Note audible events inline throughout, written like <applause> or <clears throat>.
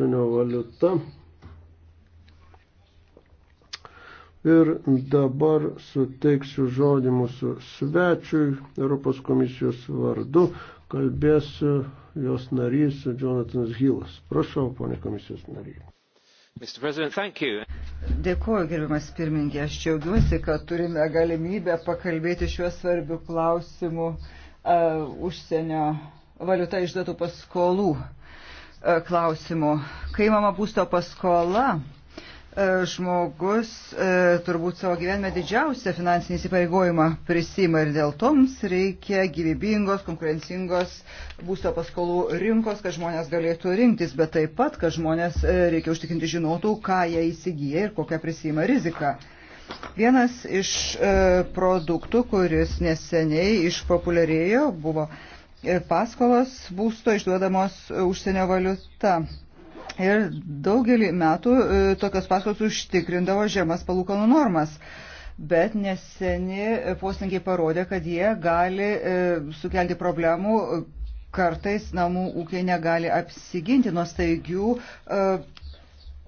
užsienio valiuta. Ir dabar suteiksiu žodį mūsų svečiui Europos komisijos vardu. Kalbės jos narys Jonathanas Hilas. Prašau, ponė komisijos nariai. Dėkuoju, gerbiamas pirmininkė. Aš džiaugiuosi, kad turime galimybę pakalbėti šiuo svarbiu klausimu uh, užsienio valiuta išduotų paskolų uh, E, klausimų. Kai mama būsto paskola, e, žmogus e, turbūt savo gyvenime didžiausią finansinį įsipareigojimą prisima ir dėl to mums reikia gyvybingos, konkurencingos būsto paskolų rinkos, kad žmonės galėtų rinktis, bet taip pat, kad žmonės reikia užtikrinti žinotų, ką jie įsigyja ir kokią prisima riziką. Vienas iš produktų, kuris neseniai išpopuliarėjo, buvo uh, paskolos būsto išduodamos užsienio valiuta. Ir daugelį metų e, tokios paskolos užtikrindavo žemas palūkanų normas. Bet neseni e, poslinkiai parodė, kad jie gali e, sukelti problemų, kartais namų ūkiai negali apsiginti nuo staigių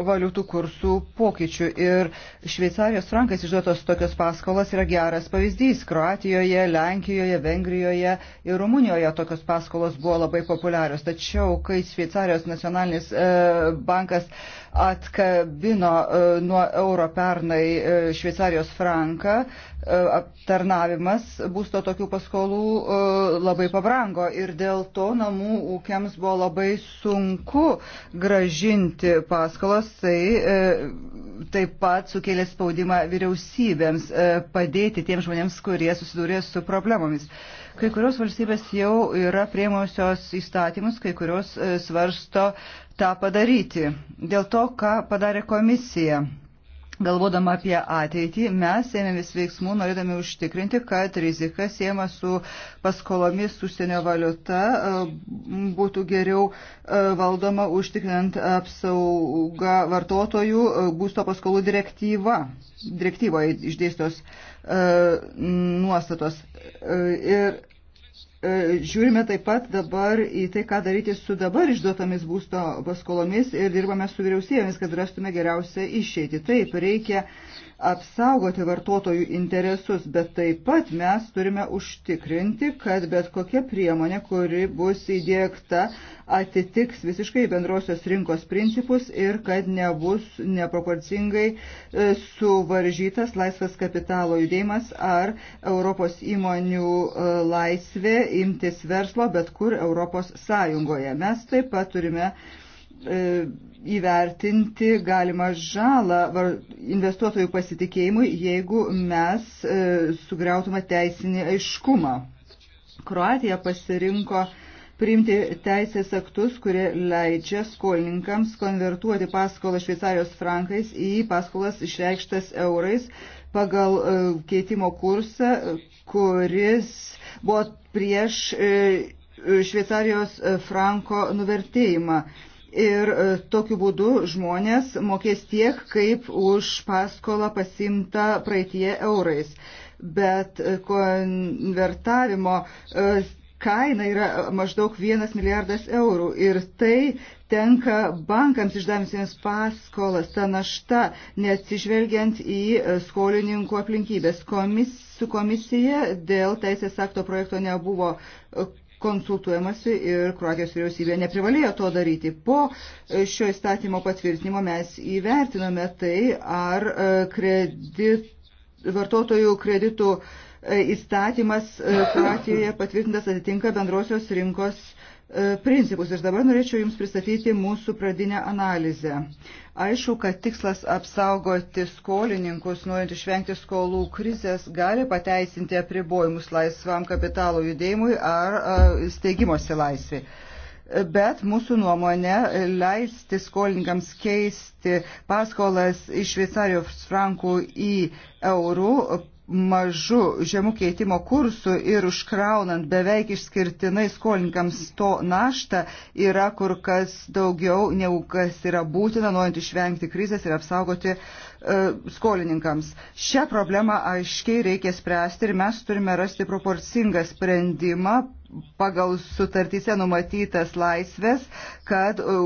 valiutų kursų pokyčių. Ir Šveicarijos frankais išduotos tokios paskolas yra geras pavyzdys. Kroatijoje, Lenkijoje, Vengrijoje ir Rumunijoje tokios paskolos buvo labai populiarios. Tačiau, kai Šveicarijos nacionalinis e, bankas e, atkabino e, nuo euro pernai e, Šveicarijos franką, e, aptarnavimas būsto tokių paskolų labai pabrango ir dėl to namų ūkiams buvo labai sunku gražinti paskolas, tai taip pat sukėlė spaudimą vyriausybėms padėti tiems žmonėms, kurie susidūrė su problemomis. Kai kurios valstybės jau yra prieimusios įstatymus, kai kurios e, svarsto tą padaryti. Dėl to, ką padarė komisija. Galvodama apie ateitį, mes ėmėmės veiksmų, norėdami užtikrinti, kad rizika siema su paskolomis užsienio valiuta e, būtų geriau e, valdoma užtikrinant apsaugą vartotojų būsto paskolų direktyva. Direktyvoje išdėstos uh, E, nuostatos. E, ir e, žiūrime taip pat dabar į tai, ką daryti su dabar išduotomis būsto paskolomis ir dirbame su vyriausybėmis, kad rastume geriausią išeitį. Taip, reikia apsaugoti vartotojų interesus, bet taip pat mes turime užtikrinti, kad bet kokia priemonė, kuri bus įdėkta, atitiks visiškai bendrosios rinkos principus ir kad nebus neproporcingai e, suvaržytas laisvas kapitalo judėjimas ar Europos įmonių e, laisvė imtis verslo bet kur Europos Sąjungoje. Mes taip pat turime uh, E, įvertinti galimą žalą investuotojų pasitikėjimui, jeigu mes e, sugriautume teisinį aiškumą. Kroatija pasirinko priimti teisės aktus, kurie leidžia skolininkams konvertuoti paskolą šveicarijos frankais į paskolas išreikštas eurais pagal e, keitimo kursą, kuris buvo prieš šveicarijos franko nuvertėjimą. Ir e, tokiu būdu žmonės mokės tiek, kaip už paskolą pasimta praeitie eurais. Bet e, konvertavimo e, kaina yra maždaug 1 milijardas eurų. Ir tai tenka bankams išdavusiems paskolas, ta našta, neatsižvelgiant į skolininkų aplinkybės. Komis, su komisija dėl teisės akto projekto nebuvo konsultuojamasi ir Kroatijos vyriausybė neprivalėjo to daryti. Po e, šio įstatymo patvirtinimo mes įvertinome tai, ar e, kredit, vartotojų kreditų e, įstatymas Kroatijoje patvirtintas atitinka bendrosios rinkos E, principus. Ir dabar norėčiau Jums pristatyti mūsų pradinę analizę. Aišku, kad tikslas apsaugoti skolininkus, norint išvengti skolų krizės, gali pateisinti apribojimus laisvam kapitalo judėjimui ar e, steigimosi laisvai bet mūsų nuomonė leisti skolininkams keisti paskolas iš Šveicarijos frankų į eurų mažu žemų keitimo kursu ir užkraunant beveik išskirtinai skolininkams to naštą yra kur kas daugiau negu kas yra būtina, norint išvengti krizės ir apsaugoti e, skolininkams. Šią problemą aiškiai reikia spręsti ir mes turime rasti proporcingą sprendimą pagal sutartyse numatytas laisvės, kad e,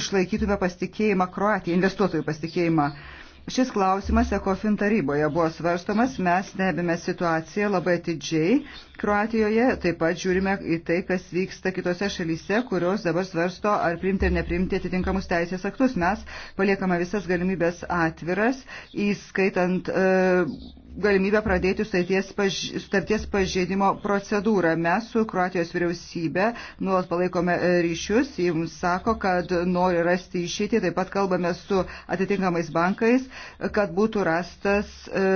išlaikytume pasitikėjimą Kroatiją, investuotojų pasitikėjimą. E, Šis klausimas ECOFIN taryboje buvo svarstomas, mes stebime situaciją labai atidžiai. Kroatijoje taip pat žiūrime į tai, kas vyksta kitose šalyse, kurios dabar svarsto, ar priimti ar nepriimti atitinkamus teisės aktus. Mes paliekame visas galimybės atviras, įskaitant. E, galimybę pradėti sutarties pažeidimo procedūrą. Mes su Kroatijos vyriausybė nuolat palaikome e, ryšius, jums sako, kad nori rasti išėtį, taip pat kalbame su atitinkamais bankais, kad būtų rastas. E,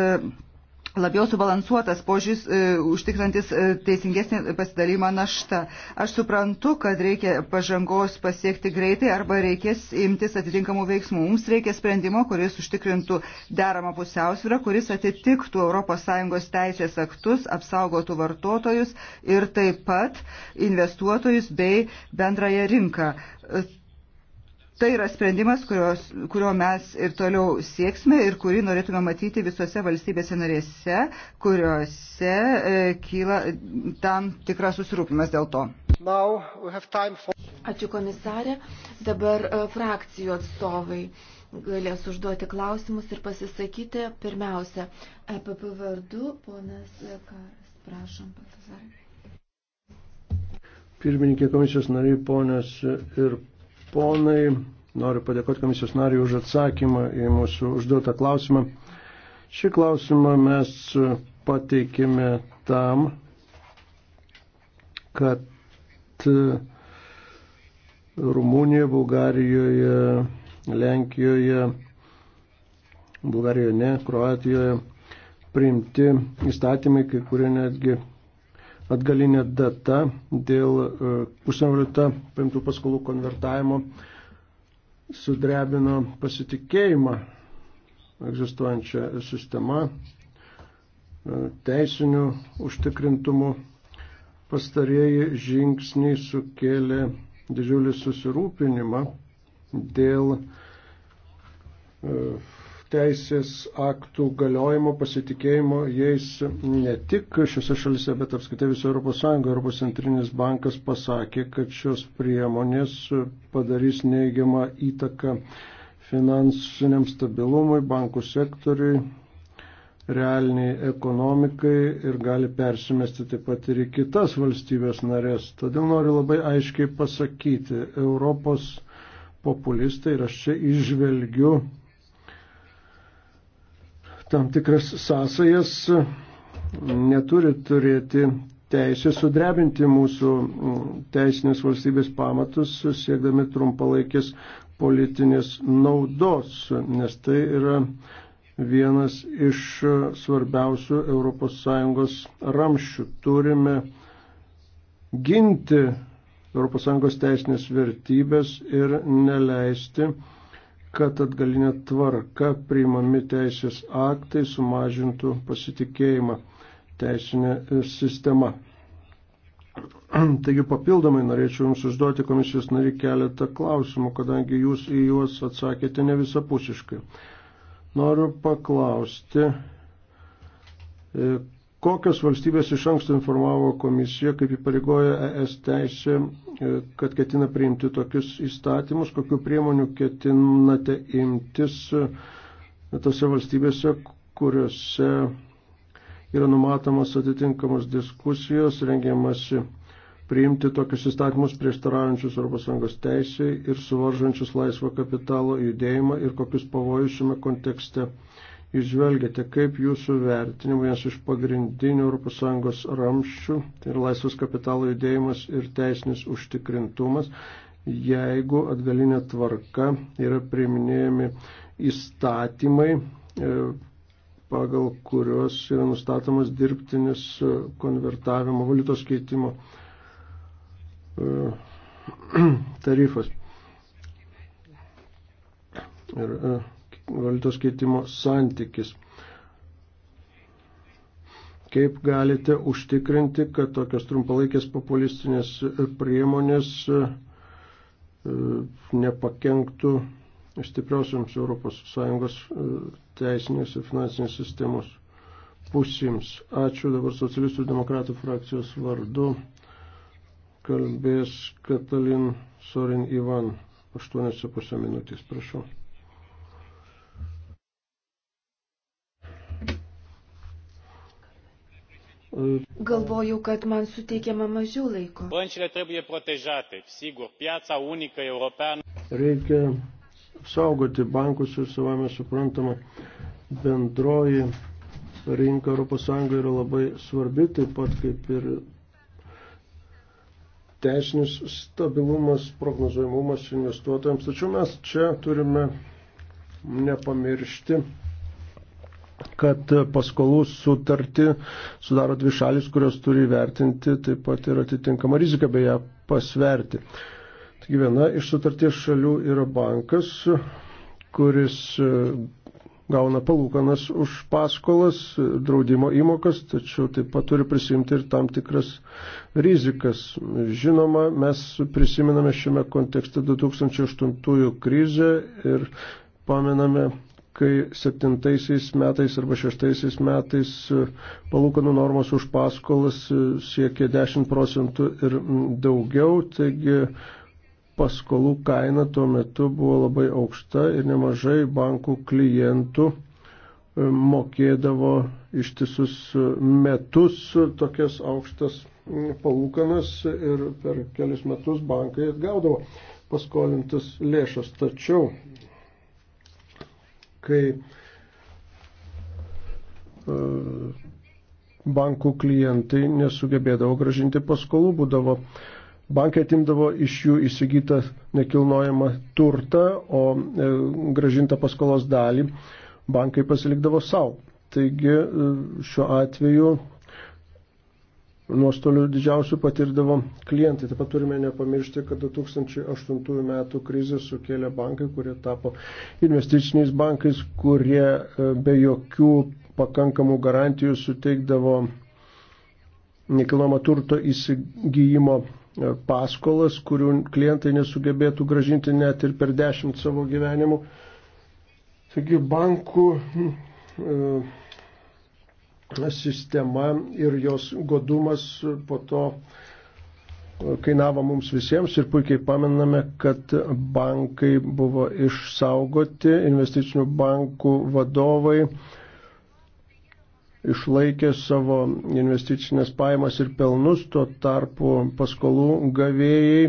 labiau subalansuotas požiūris e, užtikrantis e, teisingesnį pasidalymą naštą. Aš suprantu, kad reikia pažangos pasiekti greitai arba reikės imtis atitinkamų veiksmų. Mums reikia sprendimo, kuris užtikrintų deramą pusiausvyrą, kuris atitiktų ES teisės aktus, apsaugotų vartotojus ir taip pat investuotojus bei bendrąją rinką Tai yra sprendimas, kurios, kurio mes ir toliau sieksime ir kurį norėtume matyti visose valstybėse narėse, kuriuose e, kyla tam tikras susirūpimas dėl to. For... Ačiū komisarė. Dabar e, frakcijų atstovai galės užduoti klausimus ir pasisakyti. Pirmiausia, EPP vardu, ponas Karas, prašom, pasisakyti. Pirmininkė komisijos nariai, ponės ir ponai, noriu padėkoti komisijos nariui už atsakymą į mūsų užduotą klausimą. Šį klausimą mes pateikėme tam, kad Rumunijoje, Bulgarijoje, Lenkijoje, Bulgarijoje ne, Kroatijoje priimti įstatymai, kai kurie netgi atgalinė data dėl e, užsienio valiuta paimtų paskolų konvertavimo sudrebino pasitikėjimą egzistuojančią sistemą, e, teisinių užtikrintumų. Pastarieji žingsniai sukėlė didžiulį susirūpinimą dėl e, teisės aktų galiojimo, pasitikėjimo jais ne tik šiuose šalise, bet apskaitai viso Europos Sąjunga. Europos centrinis bankas pasakė, kad šios priemonės padarys neigiamą įtaką finansiniam stabilumui, bankų sektoriui, realiniai ekonomikai ir gali persimesti taip pat ir į kitas valstybės narės. Todėl noriu labai aiškiai pasakyti, Europos populistai ir aš čia išvelgiu tam tikras sąsajas neturi turėti teisė sudrebinti mūsų mm, teisinės valstybės pamatus, siekdami trumpalaikės politinės naudos, nes tai yra vienas iš svarbiausių ES ramščių. Turime ginti ES teisinės vertybės ir neleisti kad atgalinė tvarka priimami teisės aktai sumažintų pasitikėjimą teisinė e, sistema. <clears throat> Taigi papildomai norėčiau Jums užduoti komisijos nari keletą klausimų, kadangi Jūs į juos atsakėte ne visapusiškai. Noriu paklausti, e, Kokios valstybės iš anksto informavo komisiją, kaip įpareigoja ES teisė, e, kad ketina priimti tokius įstatymus, kokiu priemonių ketinate imtis e, tose valstybėse, kuriuose yra numatomas atitinkamas diskusijos, rengiamasi priimti tokius įstatymus prieštaraujančius ES teisėjai ir suvaržančius laisvą kapitalo judėjimą ir kokius pavojus šiame kontekste išvelgiate, kaip jūsų vertinimu vienas iš pagrindinių ES ramščių tai yra laisvas kapitalo judėjimas ir teisinis užtikrintumas, jeigu atgalinė tvarka yra priiminėjami įstatymai, e, pagal kuriuos yra nustatomas dirbtinis e, konvertavimo valiutos keitimo e, <clears throat> tarifas. Ir, uh, valiutos keitimo santykis. Kaip galite užtikrinti, kad tokios trumpalaikės populistinės priemonės e, nepakenktų stipriosiams ES e, teisinės ir finansinės sistemos pusėms. Ačiū dabar socialistų demokratų frakcijos vardu. Kalbės Katalin Sorin Ivan. 8,5 minutės, prašau. Galvojau, kad man suteikiama mažiau laiko. Băncile trebuie protejate, sigur, piața unică europeană. Reikia saugoti bankus ir savame suprantama bendroji rinka ES yra labai svarbi, taip pat kaip ir teisinis stabilumas, prognozuojamumas investuotojams. Tačiau mes čia turime nepamiršti kad paskolų sutartį sudaro dvi šalis, kurios turi vertinti taip pat ir atitinkamą riziką bei ją pasverti. Taigi viena iš sutarties šalių yra bankas, kuris e, gauna palūkanas už paskolas, draudimo įmokas, tačiau taip pat turi prisimti ir tam tikras rizikas. Žinoma, mes prisiminame šiame kontekste 2008 krizę ir pamename kai 7 metais arba 6 metais e, palūkanų normos už paskolas e, siekė 10 procentų ir daugiau, taigi paskolų kaina tuo metu buvo labai aukšta ir nemažai bankų klientų e, mokėdavo ištisus metus tokias aukštas palūkanas ir per kelius metus bankai atgaudavo paskolintas lėšas. Tačiau kai e, bankų klientai nesugebėdavo gražinti paskolų, būdavo bankai atimdavo iš jų įsigytą nekilnojamą turtą, o e, gražintą paskolos dalį bankai pasilikdavo savo. Taigi e, šiuo atveju nuostolių didžiausių patirdavo klientai. Taip pat turime nepamiršti, kad 2008 metų krizė sukėlė bankai, kurie tapo investiciniais bankais, kurie e, be jokių pakankamų garantijų suteikdavo nekilnojamo turto įsigijimo e, paskolas, kurių klientai nesugebėtų gražinti net ir per dešimt savo gyvenimų. Taigi bankų e, sistema ir jos godumas po to e, kainavo mums visiems ir puikiai pamename, kad bankai buvo išsaugoti, investicinių bankų vadovai išlaikė savo investicinės pajamas ir pelnus, tuo tarpu paskolų gavėjai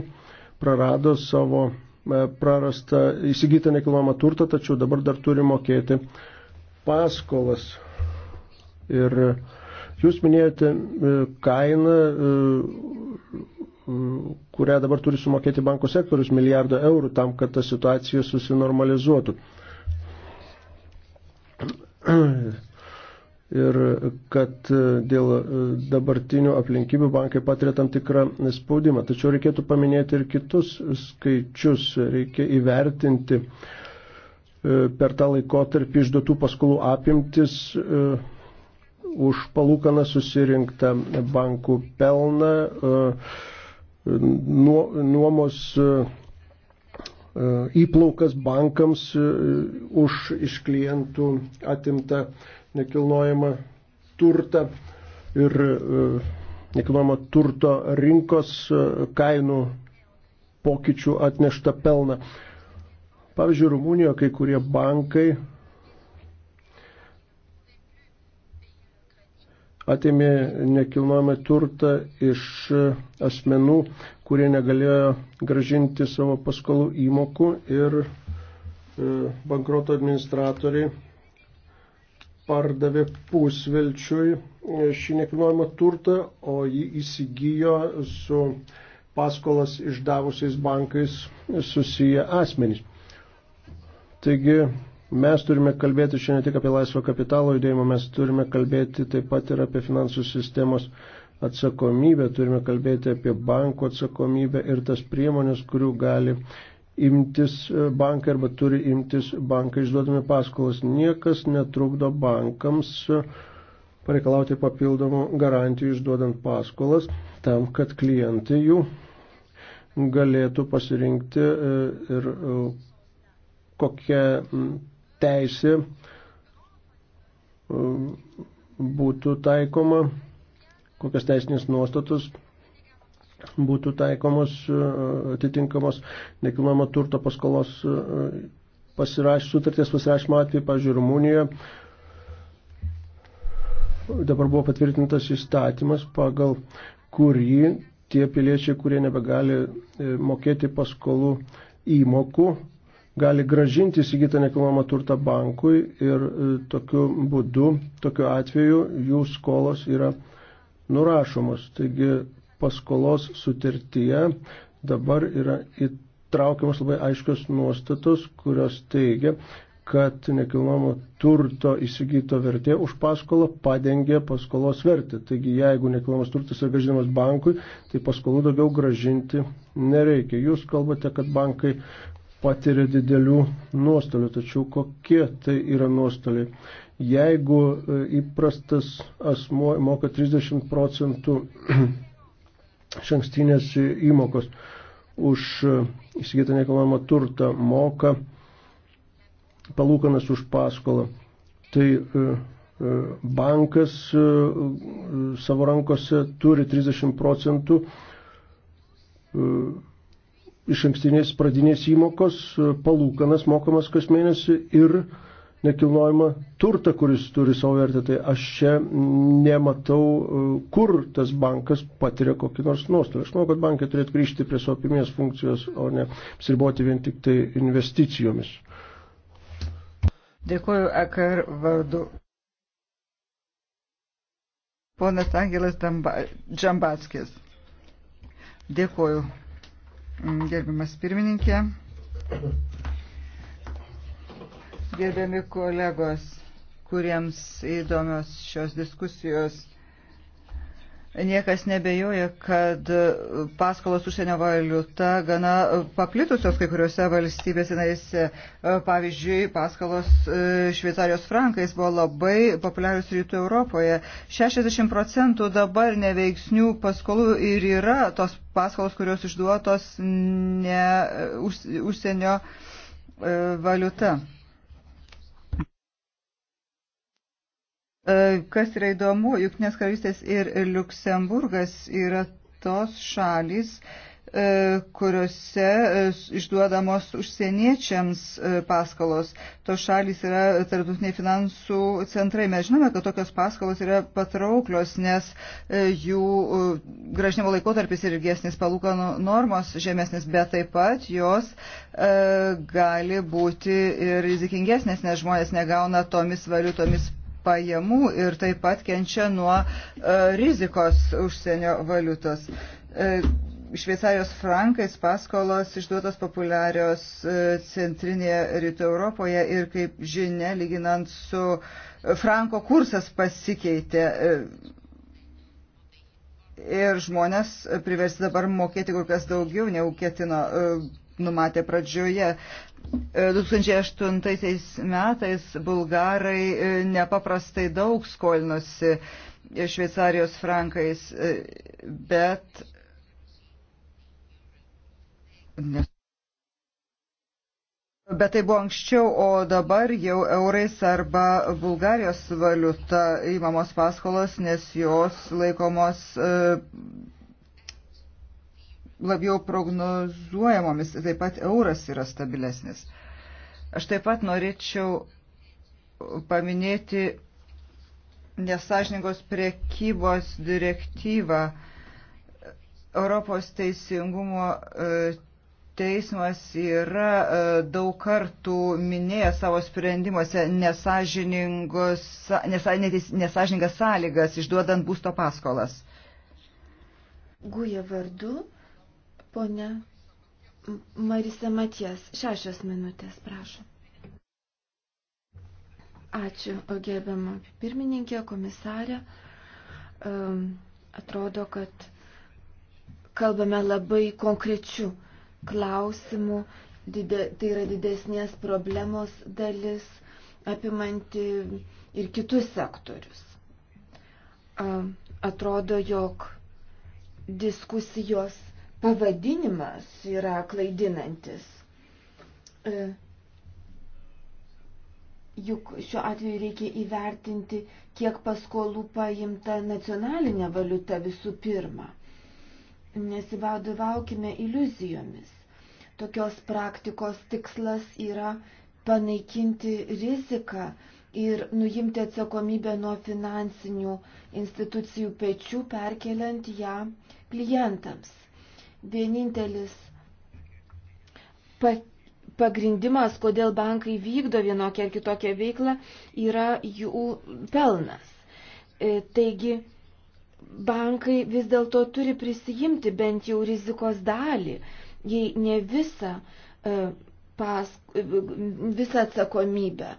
prarado savo e, prarastą įsigytą nekilnojamą turtą, tačiau dabar dar turi mokėti paskolas. Ir jūs minėjote e, kainą, e, e, kurią dabar turi sumokėti banko sektorius milijardo eurų tam, kad ta situacija susinormalizuotų. Ir kad dėl dabartinių aplinkybių bankai patiria tam tikrą spaudimą. Tačiau reikėtų paminėti ir kitus skaičius. Reikia įvertinti per tą laikotarpį išduotų paskolų apimtis už palūkaną susirinktą bankų pelną, e, nuomos e, e, įplaukas bankams už iš klientų atimtą nekilnojamą turtą ir nekilnojamo turto rinkos kainų pokyčių atneštą pelną. Pavyzdžiui, Rumunijoje kai kurie bankai atėmė nekilnojamą turtą iš asmenų, kurie negalėjo gražinti savo paskolų įmokų ir e, bankroto administratoriai pardavė pusvelčiui e, šį nekilnojamą turtą, o jį įsigijo su paskolas išdavusiais bankais susiję asmenys. Taigi Mes turime kalbėti šiandien tik apie laisvą kapitalo judėjimą, mes turime kalbėti taip pat ir apie finansų sistemos atsakomybę, turime kalbėti apie banko atsakomybę ir tas priemonės, kurių gali imtis e, bankai arba turi imtis bankai išduodami paskolas. Niekas netrukdo bankams e, pareikalauti papildomų garantijų išduodant paskolas tam, kad klientai jų galėtų pasirinkti e, ir kokią teisė e, būtų taikoma, kokias teisinės nuostatos būtų taikomos e, atitinkamos nekilnojamo turto paskolos e, pasiraš, sutarties pasirašymo atveju, pavyzdžiui, Rumunijoje dabar buvo patvirtintas įstatymas, pagal kurį tie piliečiai, kurie nebegali mokėti paskolų įmokų, gali gražinti įsigytą nekilnojamą turtą bankui ir e, tokiu būdu, tokiu atveju jų skolos yra nurašomos. Taigi paskolos sutartyje dabar yra įtraukiamas labai aiškios nuostatos, kurios teigia, kad nekilnojamo turto įsigyto vertė už paskolą padengia paskolos vertę. Taigi jeigu nekilnojamas turtas yra gražinamas bankui, tai paskolų daugiau gražinti nereikia. Jūs kalbate, kad bankai patiria didelių nuostolių. Tačiau kokie tai yra nuostoliai? Jeigu e, įprastas asmuo moka 30 procentų <clears throat> šankstinės įmokos už e, įsigytą nekilnojamą turtą, moka palūkanas už paskolą, tai e, bankas savo rankose turi 30 procentų iš ankstinės pradinės įmokos, e, palūkanas mokamas kas mėnesį ir nekilnojama turta, kuris turi savo vertę. Tai aš čia nematau, e, kur tas bankas patiria kokį nors nuostolį. Aš manau, kad bankai turėtų grįžti prie savo pirminės funkcijos, o ne apsiriboti vien tik tai investicijomis. Dėkuoju EKR vardu. Ponas Angelas Džambatskis. Dėkuoju, Mm, gerbiamas pirmininkė, gerbiami kolegos, kuriems įdomios šios diskusijos. Niekas nebejoja, kad paskolos užsienio valiuta gana paplitusios kai kuriuose valstybėse narėse. Pavyzdžiui, paskolos e, šveicarijos frankais buvo labai populiarius rytų Europoje. 60 procentų dabar neveiksnių paskolų ir yra tos paskolos, kurios išduotos ne e, užsienio e, valiuta. E, kas yra įdomu, Junktinės karalystės ir Luksemburgas yra tos šalys, e, kuriuose e, išduodamos užsieniečiams paskolos. Tos šalys yra tarptautiniai finansų centrai. Mes žinome, kad tokios paskolos yra patrauklios, nes jų gražinimo laikotarpis ir ilgesnis palūkanų normos žemesnis, bet taip pat jos gali būti ir rizikingesnės, nes žmonės negauna tomis valiutomis pajamų ir taip pat kenčia nuo e, rizikos užsienio valiutos. E, Šveicarijos frankais paskolos išduotos populiarios e, centrinėje rytų Europoje ir kaip žinia, lyginant su franko kursas pasikeitė ir žmonės priversti dabar mokėti kur kas daugiau, negu ketino numatė pradžioje. 2008 e, metais bulgarai e, nepaprastai daug skolinosi šveicarijos frankais, e, bet. Bet tai buvo anksčiau, o dabar jau eurais arba Bulgarijos valiuta įmamos paskolos, nes jos laikomos labiau prognozuojamomis, taip pat euras yra stabilesnis. Aš taip pat norėčiau paminėti nesažningos priekybos direktyvą. Europos teisingumo e, teismas yra e, daug kartų minėjęs savo sprendimuose nesažiningas sąlygas išduodant būsto paskolas. Guja vardu Pone Marisa Matijas, šešios minutės, prašom. Ačiū, gerbiamą pirmininkę, komisarę. Um, atrodo, kad kalbame labai konkrečių klausimų. Dide, tai yra didesnės problemos dalis, apimanti ir kitus sektorius. Um, atrodo, jog diskusijos pavadinimas yra klaidinantis. E, juk šiuo atveju reikia įvertinti, kiek paskolų paimta nacionalinė valiuta visų pirma. Nesivadovaukime iliuzijomis. Tokios praktikos tikslas yra panaikinti riziką ir nuimti atsakomybę nuo finansinių institucijų pečių, perkeliant ją klientams vienintelis pagrindimas, kodėl bankai vykdo vienokią ar kitokią veiklą, yra jų pelnas. E, taigi, bankai vis dėlto turi prisijimti bent jau rizikos dalį, jei ne visą, e, pas, e, visą atsakomybę.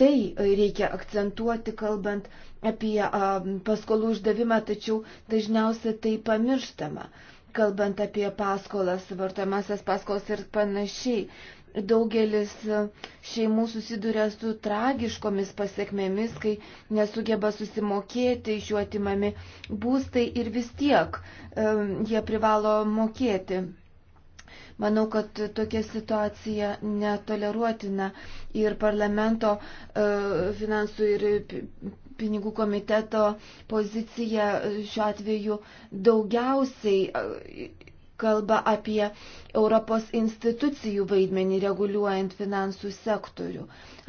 Tai reikia akcentuoti, kalbant apie paskolų uždavimą, tačiau dažniausiai tai pamirštama kalbant apie paskolas, vartojamasias paskolas ir panašiai. Daugelis šeimų susiduria su tragiškomis pasiekmėmis, kai nesugeba susimokėti, iš jų atimami būstai ir vis tiek um, jie privalo mokėti. Manau, kad tokia situacija netoleruotina ir parlamento uh, finansų ir pinigų komiteto pozicija e, šiuo atveju daugiausiai e, kalba apie Europos institucijų vaidmenį reguliuojant finansų sektorių.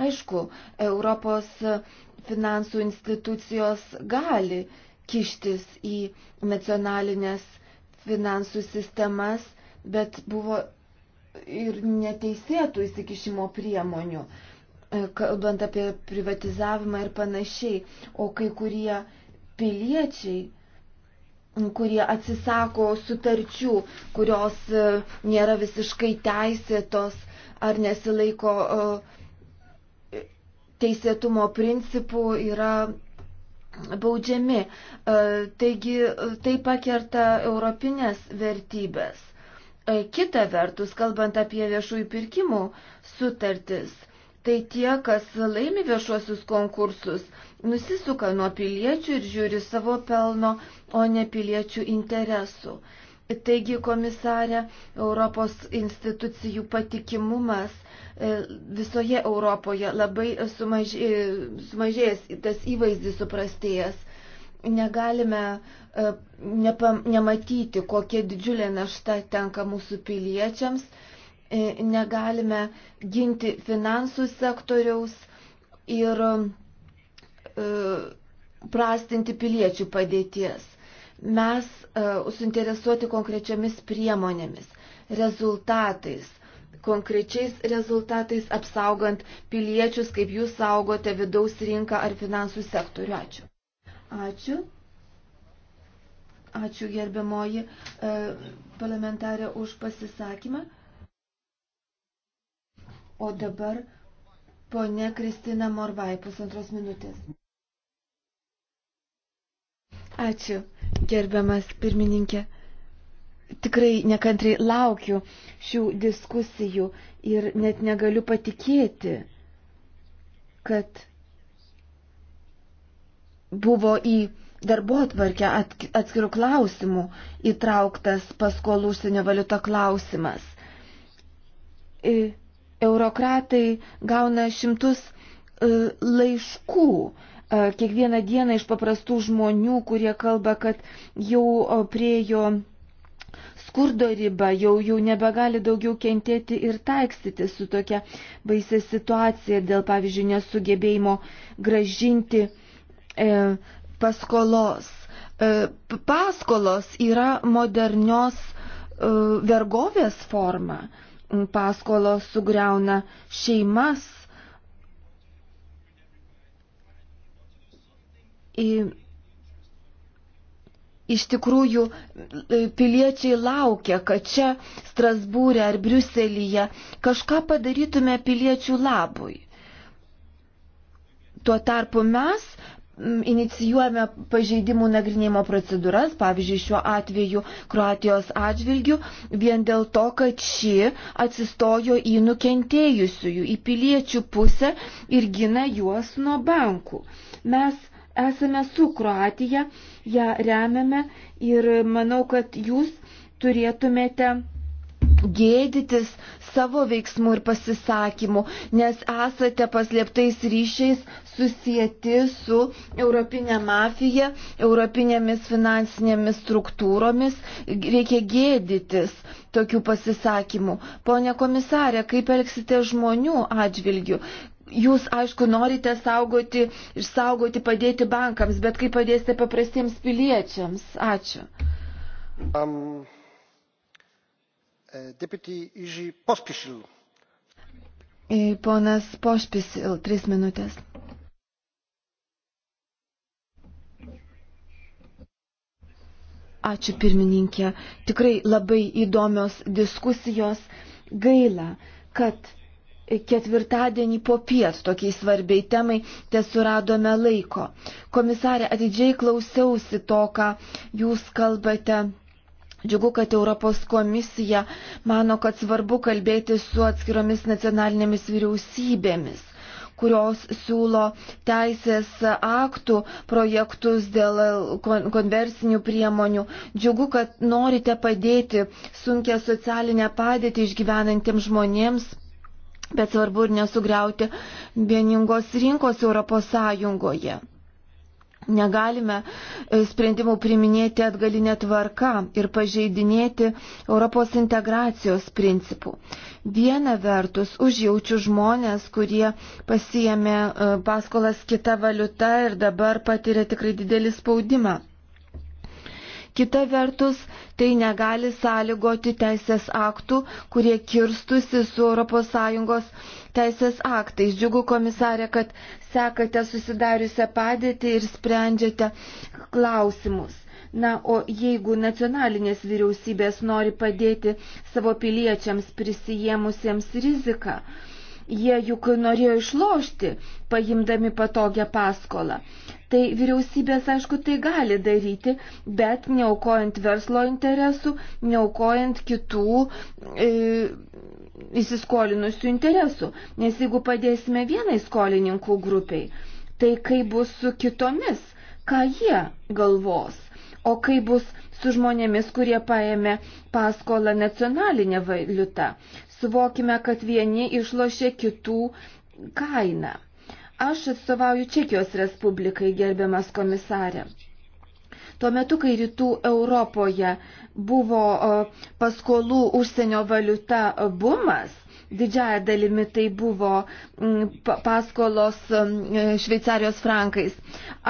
Aišku, Europos finansų institucijos gali kištis į nacionalinės finansų sistemas, bet buvo ir neteisėtų įsikišimo priemonių. Uh, E, kalbant apie privatizavimą ir panašiai, o kai kurie piliečiai, kurie atsisako sutarčių, kurios e, nėra visiškai teisėtos ar nesilaiko e, teisėtumo principų, yra baudžiami. Taigi tai pakerta europinės vertybės. Kita vertus, kalbant apie viešųjų pirkimų sutartis, tai tie, kas laimi viešuosius konkursus, nusisuka nuo piliečių ir žiūri savo pelno, o ne piliečių interesų. Taigi, komisarė, Europos institucijų patikimumas e, visoje Europoje labai sumažėjęs, tas įvaizdis suprastėjęs. Negalime e, nepam, nematyti, kokia didžiulė našta tenka mūsų piliečiams E, negalime ginti finansų sektoriaus ir e, prastinti piliečių padėties. Mes e, suinteresuoti konkrečiamis priemonėmis, rezultatais, konkrečiais rezultatais apsaugant piliečius, kaip jūs saugote vidaus rinką ar finansų sektorių. Ačiū. Ačiū. Ačiū gerbiamoji e, parlamentarė už pasisakymą. O dabar ponia Kristina Morvai, pusantros minutės. Ačiū, gerbiamas pirmininkė. Tikrai nekantrai laukiu šių diskusijų ir net negaliu patikėti, kad buvo į darbo atvarkę atskirų klausimų įtrauktas paskolų užsienio valiuta klausimas. Ir eurokratai gauna šimtus e, laiškų e, kiekvieną dieną iš paprastų žmonių, kurie kalba, kad jau e, priejo skurdo riba, jau, jau nebegali daugiau kentėti ir taikstyti su tokia baisė situacija dėl, pavyzdžiui, nesugebėjimo gražinti e, paskolos. E, paskolos yra modernios e, E, vergovės forma. Paskolos sugriauna šeimas. Ir iš tikrųjų e, piliečiai laukia, kad čia Strasbūrė ar Briuselyje kažką padarytume piliečių labui. Tuo tarpu mes inicijuojame pažeidimų nagrinėjimo procedūras, pavyzdžiui, šiuo atveju Kroatijos atžvilgiu, vien dėl to, kad ši atsistojo į nukentėjusiųjų, į piliečių pusę ir gina juos nuo bankų. Mes esame su Kroatija, ją remiame ir manau, kad jūs turėtumėte gėdytis savo veiksmų ir pasisakymų, nes esate paslėptais ryšiais susijęti su europinė mafija, europinėmis finansinėmis struktūromis. Reikia gėdytis tokių pasisakymų. Pone komisarė, kaip elgsite žmonių atžvilgių? Jūs, aišku, norite saugoti, išsaugoti, padėti bankams, bet kaip padėsite paprastiems piliečiams? Ačiū. Um, deputy Iži Pospišil. E, ponas Pošpisil, tris minutės. Ačiū pirmininkė. Tikrai labai įdomios diskusijos. Gaila, kad ketvirtadienį po piet tokiai svarbiai temai tesuradome laiko. Komisarė, atidžiai klausiausi to, ką jūs kalbate. Džiugu, kad Europos komisija mano, kad svarbu kalbėti su atskiromis nacionalinėmis vyriausybėmis kurios siūlo teisės aktų projektus dėl konversinių priemonių. Džiugu, kad norite padėti sunkia socialinę padėtį išgyvenantiems žmonėms. Bet svarbu ir nesugriauti vieningos rinkos Europos Sąjungoje. Negalime e, sprendimų priminėti atgalinę tvarką ir pažeidinėti Europos integracijos principų. Viena vertus, užjaučiu žmonės, kurie pasijėmė e, paskolas kitą valiutą ir dabar patiria tikrai didelį spaudimą. Kita vertus, tai negali sąlygoti teisės aktų, kurie kirstusi su ES teisės aktais. Džiugu komisarė, kad sekate susidariusią padėtį ir sprendžiate klausimus. Na, o jeigu nacionalinės vyriausybės nori padėti savo piliečiams prisijėmusiems riziką, Jie juk norėjo išlošti, paimdami patogią paskolą. Tai vyriausybės, aišku, tai gali daryti, bet neaukojant verslo interesų, neaukojant kitų e, įsiskolinusių interesų. Nes jeigu padėsime vienai skolininkų grupiai, tai kaip bus su kitomis, ką jie galvos, o kaip bus su žmonėmis, kurie paėmė paskolą nacionalinę valiutą, suvokime, kad vieni išlošia kitų kainą. Aš atstovauju Čekijos Respublikai, gerbiamas komisarė. Tuo metu, kai rytų Europoje buvo paskolų užsienio valiuta bumas, didžiaja dalimi tai buvo paskolos šveicarijos frankais.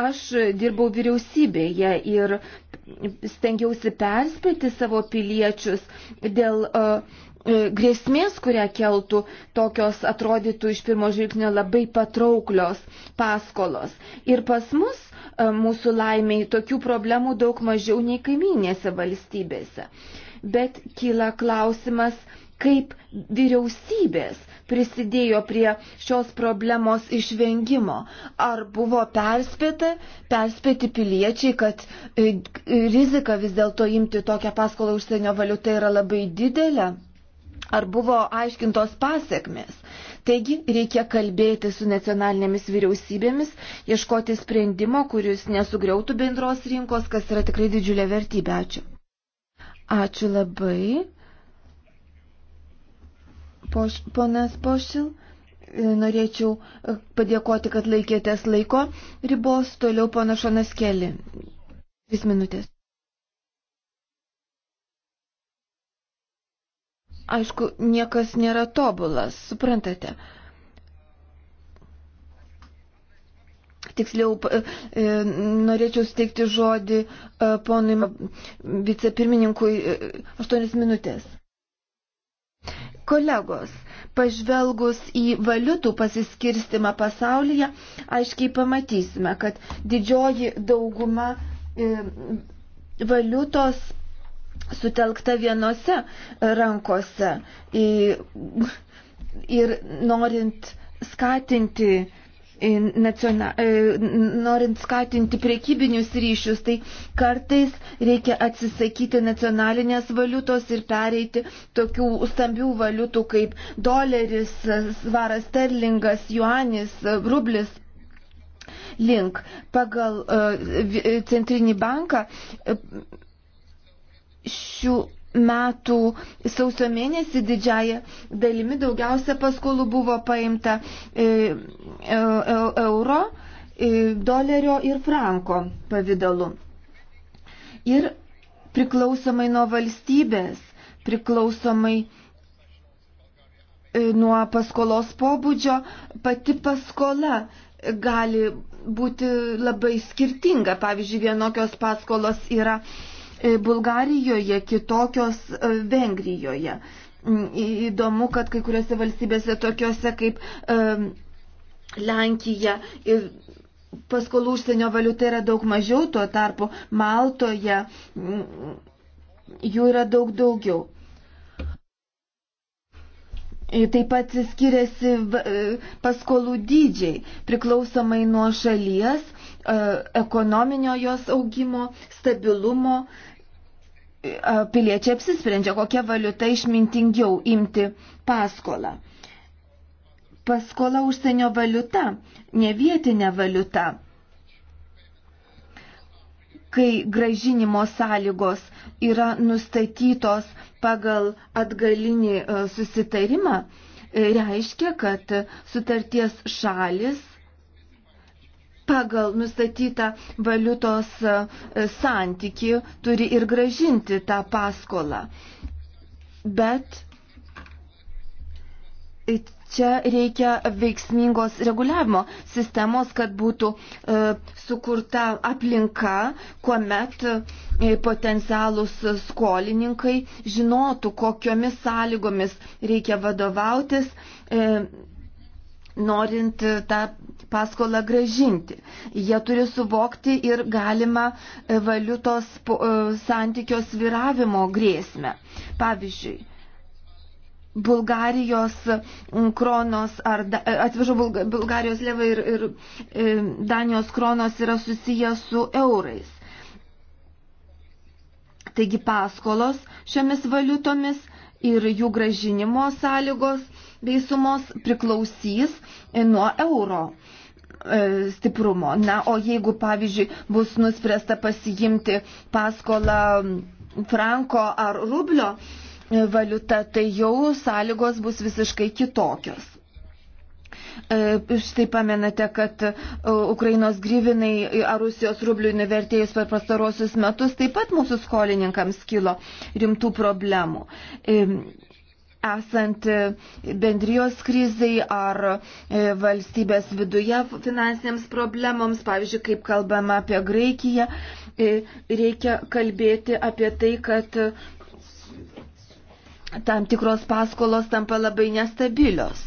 Aš dirbau vyriausybėje ir stengiausi perspėti savo piliečius dėl uh, E, grėsmės, kurią keltų tokios atrodytų iš pirmo žvilgsnio labai patrauklios paskolos. Ir pas mus, e, mūsų laimiai, tokių problemų daug mažiau nei kaiminėse valstybėse. Bet kyla klausimas, kaip vyriausybės prisidėjo prie šios problemos išvengimo. Ar buvo perspėta, perspėti piliečiai, kad e, rizika vis dėlto imti tokią paskolą užsienio valiutą yra labai didelė? ar buvo aiškintos pasiekmes. Taigi reikia kalbėti su nacionalinėmis vyriausybėmis, ieškoti sprendimo, kuris nesugriautų bendros rinkos, kas yra tikrai didžiulė vertybė. Ačiū. Ačiū labai. Poš, ponas Pošil norėčiau e, padėkoti, kad laikėtės laiko ribos, toliau panašonas keli. Tris minutės. Aišku, niekas nėra tobulas, suprantate. Tiksliau, e, norėčiau steigti žodį e, ponui vicepirmininkui 8 e, minutės. Kolegos, pažvelgus į valiutų pasiskirstimą pasaulyje, aiškiai pamatysime, kad didžioji dauguma valiutos sutelkta vienose rankose. Ir norint skatinti nacional... E, norint skatinti priekybinius ryšius, tai kartais reikia atsisakyti nacionalinės valiutos ir pereiti tokių stambių valiutų kaip doleris, svaras sterlingas, juanis, rublis. Link pagal e, centrinį banką e, šių metų sausio mėnesį didžiaja dalimi daugiausia paskolų buvo paimta e, e, e, euro, dolerio ir franko pavydalu. Ir priklausomai nuo valstybės, priklausomai nuo paskolos pobūdžio, pati paskola gali būti labai skirtinga. Pavyzdžiui, vienokios paskolos yra E, Bulgarijoje, kitokios e, Vengrijoje. Mm, įdomu, kad kai kuriuose valstybėse tokiuose kaip e, Lenkija paskolų užsienio valiuta yra daug mažiau, tuo tarpu Maltoje mm, jų yra daug daugiau. Taip pat skiriasi paskolų dydžiai priklausomai nuo šalies E, ekonominio jos augimo, stabilumo. E, piliečiai apsisprendžia, kokią valiutą išmintingiau imti paskolą. Paskola užsienio valiuta, ne vietinė valiuta kai gražinimo sąlygos yra nustatytos pagal atgalinį e, susitarimą, reiškia, kad sutarties šalis pagal nustatytą valiutos e, santyki turi ir gražinti tą paskolą. Bet čia reikia veiksmingos reguliavimo sistemos, kad būtų e, sukurta aplinka, kuomet e, potencialus skolininkai žinotų, kokiomis sąlygomis reikia vadovautis, e, norint tą paskolą gražinti. Jie turi suvokti ir galimą e, valiutos e, santykio sviravimo grėsmę. Pavyzdžiui, Bulgarijos kronos ar, e, atvežu, Bulgarijos levai ir, ir Danijos kronos yra susijęs su eurais. Taigi paskolos šiomis valiutomis ir jų gražinimo sąlygos bei sumos priklausys nuo euro e, stiprumo. Na, o jeigu, pavyzdžiui, bus nuspręsta pasijimti paskolą franko ar rublio e, valiuta, tai jau sąlygos bus visiškai kitokios. Jūs e, taip pamenate, kad e, Ukrainos gryvinai ar Rusijos rublių nuvertėjus per pastarosius metus taip pat mūsų skolininkams kilo rimtų problemų. E, esant bendrijos krizai ar valstybės viduje finansinėms problemoms, pavyzdžiui, kaip kalbama apie Graikiją, reikia kalbėti apie tai, kad tam tikros paskolos tampa labai nestabilios.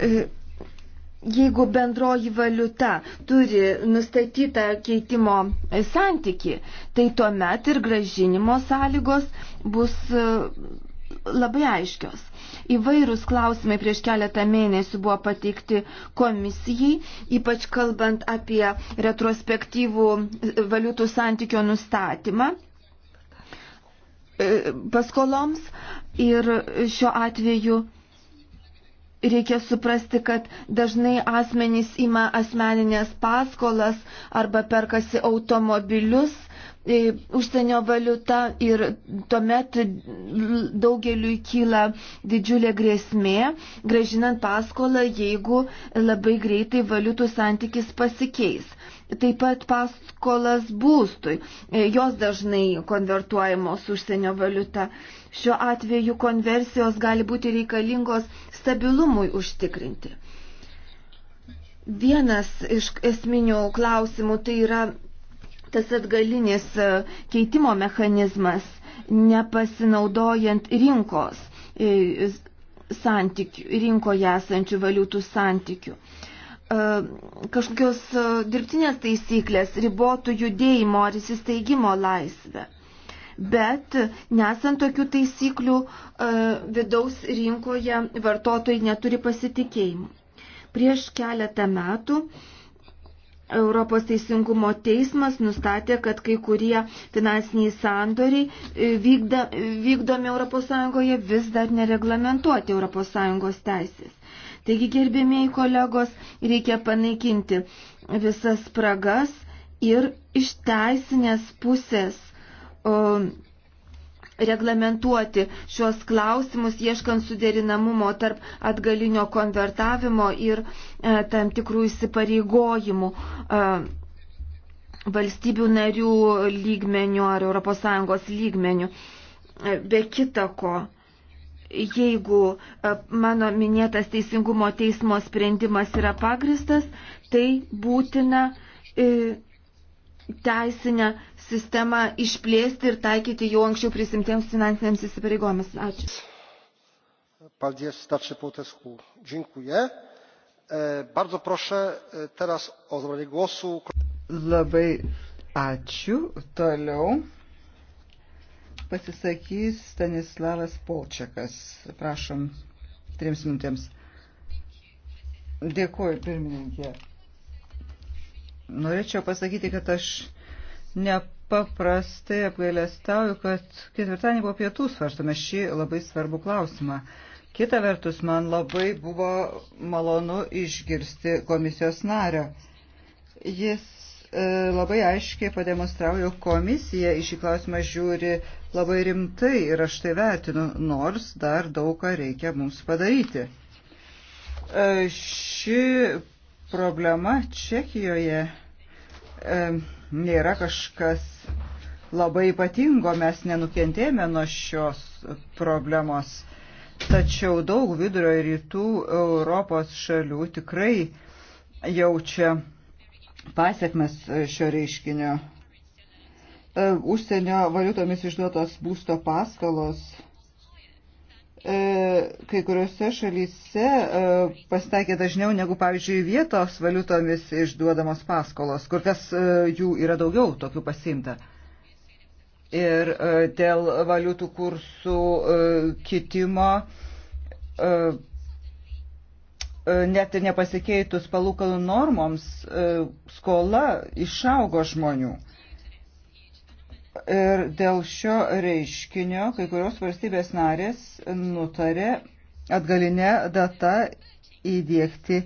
E, jeigu bendroji valiuta turi nustatytą keitimo santyki, tai tuomet ir gražinimo sąlygos bus e, labai aiškios. Įvairūs klausimai prieš keletą mėnesių buvo pateikti komisijai, ypač kalbant apie retrospektyvų valiutų santykio nustatymą e, paskoloms ir šiuo atveju reikia suprasti, kad dažnai asmenys ima asmeninės paskolas arba perkasi automobilius užsienio valiuta ir tuomet daugeliu kyla didžiulė grėsmė, gražinant paskolą, jeigu labai greitai valiutų santykis pasikeis taip pat paskolas būstui. Jos dažnai konvertuojamos užsienio valiuta. Šiuo atveju konversijos gali būti reikalingos stabilumui užtikrinti. Vienas iš esminių klausimų tai yra tas atgalinis e, keitimo mechanizmas, nepasinaudojant rinkos e, santykių, rinkoje esančių valiutų santykių. E, kažkokios dirbtinės taisyklės ribotų judėjimo ar įsisteigimo laisvę. Bet nesant tokių taisyklių vidaus rinkoje vartotojai neturi pasitikėjimų. Prieš keletą metų uh, Europos teisingumo teismas nustatė, kad kai kurie finansiniai sandoriai e, vykda, vykdomi ES vis dar nereglamentuoti ES teisės. Taigi, gerbėmiai kolegos, reikia panaikinti visas spragas ir iš teisinės pusės. O, reglamentuoti šios klausimus, ieškant suderinamumo tarp atgalinio konvertavimo ir e, tam tikrų įsipareigojimų e, valstybių narių lygmenių ar ES lygmenių. E, be kita ko, jeigu e, mano minėtas teisingumo teismo sprendimas yra pagristas, tai būtina e, teisinę sistemą išplėsti ir taikyti jau anksčiau prisimtiems finansiniams įsipareigojimus. Ačiū. Paldies, starczy półtesku. Dziękuję. E, bardzo proszę e, teraz o zabranie głosu. Labai ačiū. Toliau pasisakys Stanislavas Polčiakas. Prašom, trims minutėms. Dėkuoju, pirmininkė. Norėčiau pasakyti, kad aš Nepaprastai apgailestauju, kad ketvirtadienį po pietų svarstome šį labai svarbų klausimą. Kita vertus, man labai buvo malonu išgirsti komisijos nario. Jis e, labai aiškiai pademonstravo, jog komisija į šį klausimą žiūri labai rimtai ir aš tai vertinu, nors dar daug ką reikia mums padaryti. E, ši problema Čekijoje e, nėra kažkas labai ypatingo, mes nenukentėjome nuo šios problemos. Tačiau daug vidurio ir rytų Europos šalių tikrai jaučia pasiekmes šio reiškinio. E, užsienio valiutomis išduotos būsto paskalos E, kai kuriuose šalyse e, pasitaikė dažniau negu, pavyzdžiui, vietos valiutomis išduodamos paskolos, kur kas e, jų yra daugiau tokių pasimta. Ir dėl valiutų kursų kitimo net ir nepasikeitus palūkanų normoms skola išaugo žmonių. Ir dėl šio reiškinio kai kurios valstybės narės nutarė atgalinę datą įdėkti e,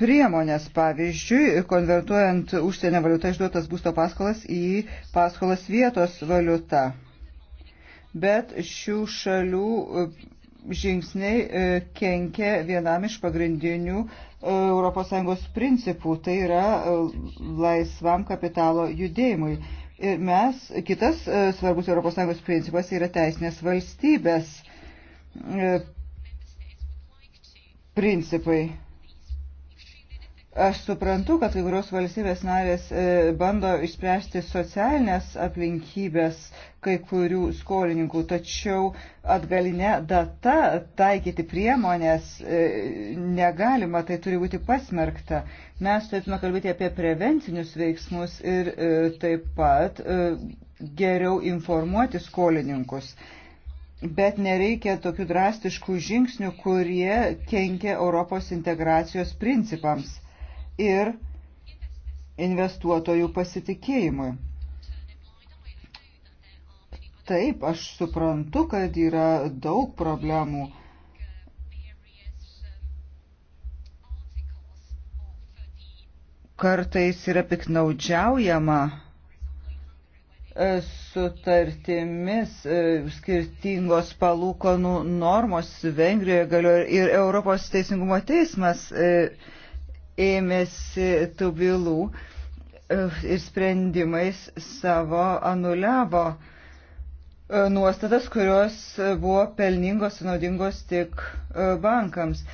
priemonės, pavyzdžiui, konvertuojant užsienio valiutą išduotas būsto paskolas į paskolas vietos valiutą. Bet šių šalių e, žingsniai e, kenkia vienam iš pagrindinių ES principų, tai yra laisvam kapitalo judėjimui. Ir e, mes, kitas e, svarbus ES principas yra teisinės valstybės e, principai. Aš suprantu, kad kai kurios valstybės narės e, bando išspręsti socialinės aplinkybės kai kurių skolininkų, tačiau atgalinė data taikyti priemonės e, negalima, tai turi būti pasmerkta. Mes turėtume kalbėti apie prevencinius veiksmus ir e, taip pat geriau informuoti skolininkus. Bet nereikia tokių drastiškų žingsnių, kurie kenkia Europos integracijos principams ir investuotojų pasitikėjimui. Taip, aš suprantu, kad yra daug problemų. Kartais yra piknaudžiaujama e, sutartimis e, skirtingos palūkonų normos Vengrijoje galioja ir Europos teisingumo teismas e, ėmėsi tų bylų eh, ir sprendimais savo anuliavo eh, nuostatas, kurios buvo pelningos ir naudingos tik eh, bankams.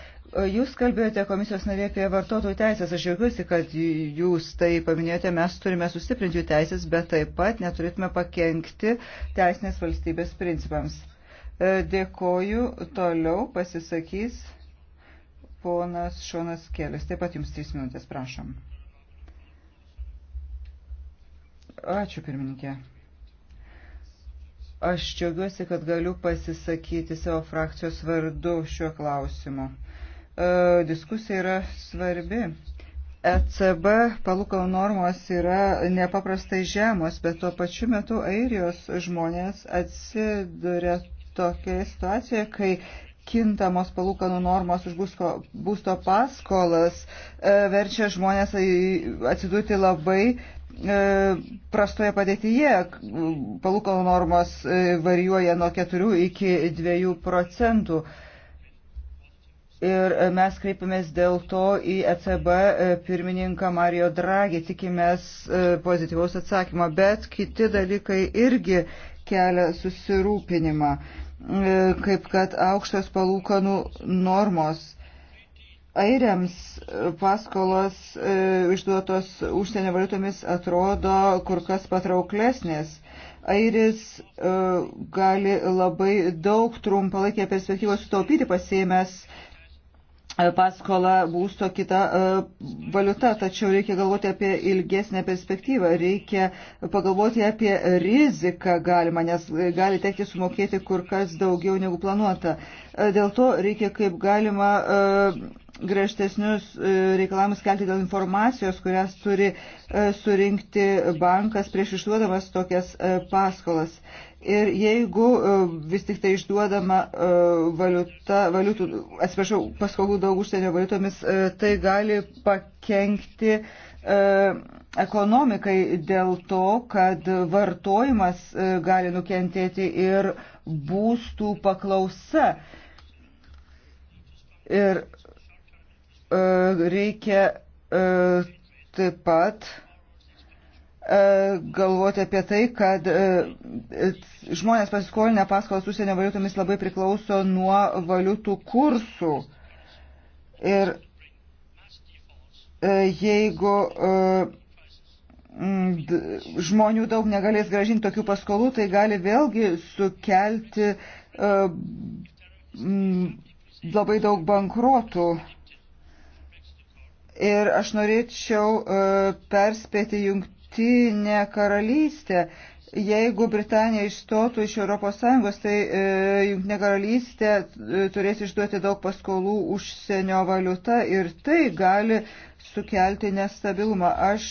Jūs kalbėjote komisijos narė apie vartotojų teisės. Aš jaukiuosi, kad jūs tai paminėjote. Mes turime sustiprinti jų teisės, bet taip pat neturėtume pakengti teisinės valstybės principams. Dėkoju. Toliau pasisakys ponas Šonas Kelis. Taip pat jums trys minutės, prašom. Ačiū, pirmininkė. Aš džiaugiuosi, kad galiu pasisakyti savo frakcijos vardu šiuo klausimu. E, diskusija yra svarbi. ECB palūkanų normos yra nepaprastai žemos, bet tuo pačiu metu airijos žmonės atsiduria tokioje situacijoje, kai kintamos palūkanų normos už būsko, būsto paskolas e, verčia žmonės atsidurti labai e, prastoje padėtyje. Palūkanų normos e, varijuoja nuo 4 iki 2 procentų. Ir e, mes kreipiamės dėl to į ECB e, pirmininką Mario Draghi, tikimės e, pozityvaus atsakymą, bet kiti dalykai irgi kelia susirūpinimą, e, kaip kad aukštos palūkanų normos. Airiams paskolos e, išduotos užsienio valiutomis atrodo kur kas patrauklesnės. Airis e, gali labai daug trumpalaikėje perspektyvos sutaupyti pasėmęs E, paskola būsto kita e, valiuta, tačiau reikia galvoti apie ilgesnę perspektyvą, reikia pagalvoti apie riziką galimą, nes gali tekti sumokėti kur kas daugiau negu planuota. E, dėl to reikia kaip galima griežtesnius reikalavimus kelti dėl informacijos, kurias turi surinkti bankas prieš išduodamas tokias paskolas. Ir jeigu e, vis tik tai išduodama e, valiuta, valiutų, atsiprašau, paskolų daug užsienio valiutomis, e, tai gali pakenkti ekonomikai dėl to, kad vartojimas gali nukentėti ir būstų paklausa. Ir reikia taip pat E, galvoti apie tai, kad e, e, žmonės pasiskolinę paskolas užsienio valiutomis labai priklauso nuo valiutų kursų. Ir jeigu žmonių daug negalės gražinti tokių paskolų, tai gali vėlgi sukelti labai daug bankruotų. Ir aš norėčiau perspėti jungti jungtinę karalystę. Jeigu Britanija išstotų iš ES, tai e, Junktinė karalystė e, turės išduoti daug paskolų užsienio valiutą ir tai gali sukelti nestabilumą. Aš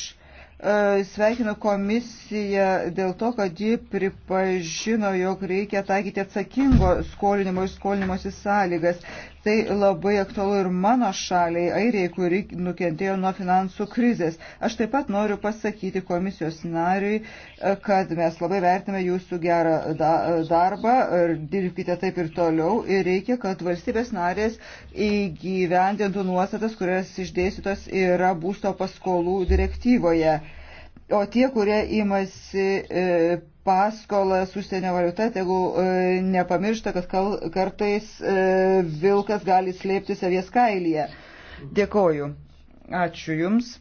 e, sveikinu komisiją dėl to, kad ji pripažino, jog reikia taikyti atsakingo skolinimo ir skolinimosi sąlygas. Tai labai aktualu ir mano šaliai, Airijai, kuri nukentėjo nuo finansų krizės. Aš taip pat noriu pasakyti komisijos nariui, e, kad mes labai vertime jūsų gerą e, darbą ir dirbkite taip ir toliau. Ir reikia, kad valstybės narės įgyvendintų nuostatas, kurias išdėstytos yra būsto paskolų direktyvoje. O tie, kurie imasi. E, paskolas užsienio valiuta, tegu e, nepamiršta, kad kartais e, vilkas gali slėpti savies kailyje. Dėkoju. Ačiū Jums.